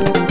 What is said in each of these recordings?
Thank you.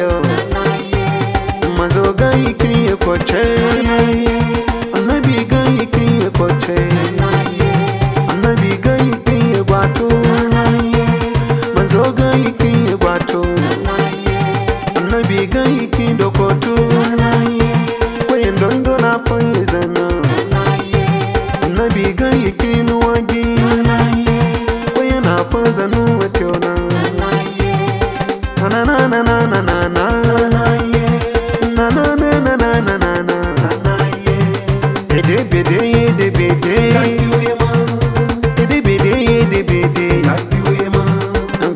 yo mazo yi kiye kwace annabi gani kiye annabi gani kiye gwato mazo gani annabi gani kiye dokoto kwayen dondo na fayi zana annabi na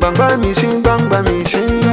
Bamba mi sing, bamba mi sing.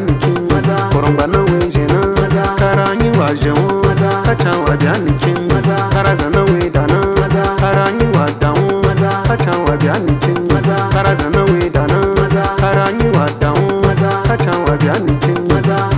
bianikin maza koromba na wenje na maza karanyi wa jewo maza kacha wa bianikin maza karaza na weda na maza karanyi wa dawo maza kacha wa bianikin maza karaza na weda na maza karanyi wa dawo maza kacha wa bianikin maza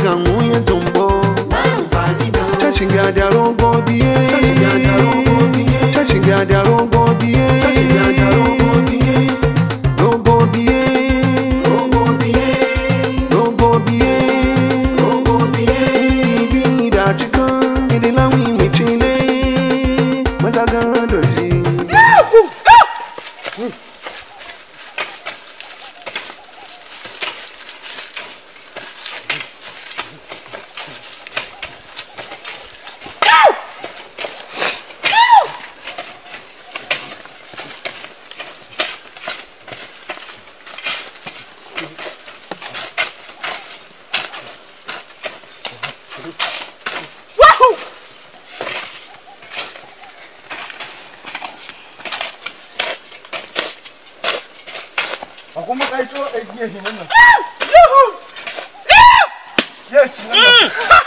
gangan mu ya jumbo tashin gadaron gobe Wahoo! Alguma caiu aqui, gente. Ah! Yes!